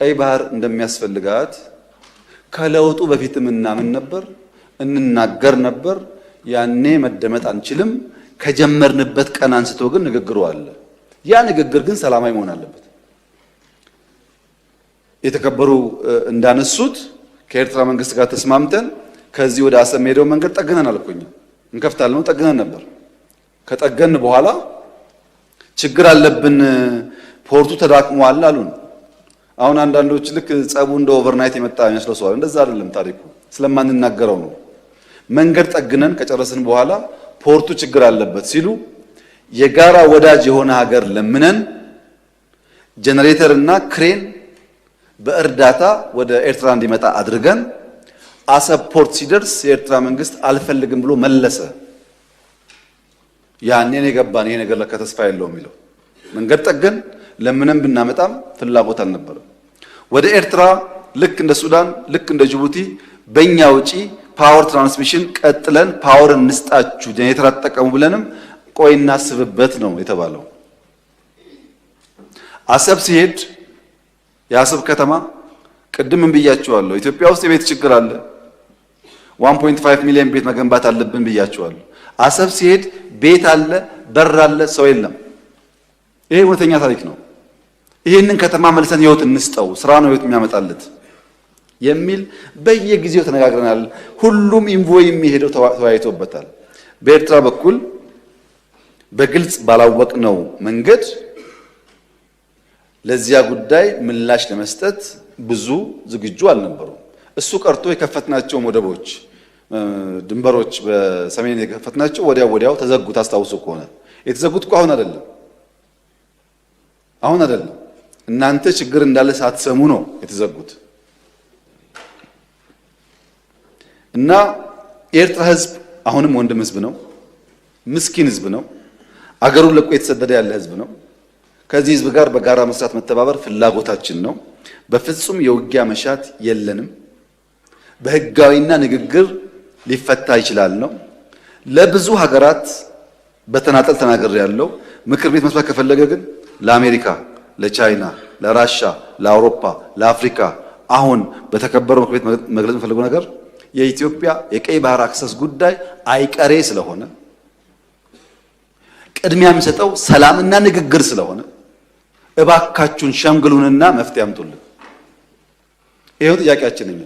ቀይ ባህር እንደሚያስፈልጋት ከለውጡ በፊት ምናምን ነበር እንናገር ነበር። ያኔ መደመጥ አንችልም። ከጀመርንበት ቀን አንስቶ ግን ንግግሩ አለ። ያ ንግግር ግን ሰላማዊ መሆን አለበት። የተከበሩ እንዳነሱት ከኤርትራ መንግስት ጋር ተስማምተን ከዚህ ወደ አሰብ ሄደው መንገድ ጠግነን አልኩኝ እንከፍታለን ነው ጠግነን ነበር። ከጠገን በኋላ ችግር አለብን፣ ፖርቱ ተዳክሟል አሉን። አሁን አንዳንዶች ልክ ጸቡ እንደ ኦቨርናይት የመጣ ይመስለው ሰዋል። እንደዛ አይደለም ታሪኩ፣ ስለማንናገረው ነው። መንገድ ጠግነን ከጨረስን በኋላ ፖርቱ ችግር አለበት ሲሉ የጋራ ወዳጅ የሆነ ሀገር ለምነን ጄኔሬተር እና ክሬን በእርዳታ ወደ ኤርትራ እንዲመጣ አድርገን አሰብ ፖርት ሲደርስ የኤርትራ መንግስት አልፈልግም ብሎ መለሰ። ያኔን የገባን ይሄ ነገር ለከተስፋ ተስፋ የለውም የሚለው መንገድ ጠገን ለምንም ብናመጣም ፍላጎት አልነበረም። ወደ ኤርትራ ልክ እንደ ሱዳን ልክ እንደ ጅቡቲ በእኛ ውጪ ፓወር ትራንስሚሽን ቀጥለን ፓወር እንስጣችሁ ጄኔሬተር አትጠቀሙ ብለንም ቆይ እናስብበት ነው የተባለው። አሰብ ሲሄድ የአሰብ ከተማ ቅድም ብያችኋለሁ፣ ኢትዮጵያ ውስጥ የቤት ችግር አለ። 1.5 ሚሊዮን ቤት መገንባት አለብን ብያችኋለሁ። አሰብ ሲሄድ ቤት አለ፣ በር አለ፣ ሰው የለም። ይሄ እውነተኛ ታሪክ ነው። ይህንን ከተማ መልሰን ህይወት እንስጠው፣ ስራ ነው ህይወት የሚያመጣለት የሚል በየጊዜው ተነጋግረናል። ሁሉም ኢንቮይ የሚሄደው ተወያይቶበታል። በኤርትራ በኩል በግልጽ ባላወቅነው መንገድ ለዚያ ጉዳይ ምላሽ ለመስጠት ብዙ ዝግጁ አልነበሩም። እሱ ቀርቶ የከፈትናቸው ወደቦች፣ ድንበሮች በሰሜን የከፈትናቸው ወዲያው ወዲያው ተዘጉት። አስታውሱ ከሆነ የተዘጉት እኮ አሁን አይደለም አሁን አይደለም እናንተ ችግር እንዳለ ሳትሰሙ ነው የተዘጉት። እና የኤርትራ ህዝብ አሁንም ወንድም ህዝብ ነው፣ ምስኪን ህዝብ ነው፣ አገሩን ለቆ የተሰደደ ያለ ህዝብ ነው። ከዚህ ህዝብ ጋር በጋራ መስራት መተባበር ፍላጎታችን ነው። በፍጹም የውጊያ መሻት የለንም። በህጋዊና ንግግር ሊፈታ ይችላል ነው ለብዙ ሀገራት በተናጠል ተናገር ያለው ምክር ቤት መስማት ከፈለገ ግን ለአሜሪካ ለቻይና፣ ለራሻ፣ ለአውሮፓ፣ ለአፍሪካ አሁን በተከበረው ምክር ቤት መግለጽ የምፈልገው ነገር የኢትዮጵያ የቀይ ባህር አክሰስ ጉዳይ አይቀሬ ስለሆነ ቅድሚያ የሚሰጠው ሰላምና ንግግር ስለሆነ እባካችሁን ሸምግሉንና መፍትሄ አምጡልን። ይኸው ጥያቄያችን እኛ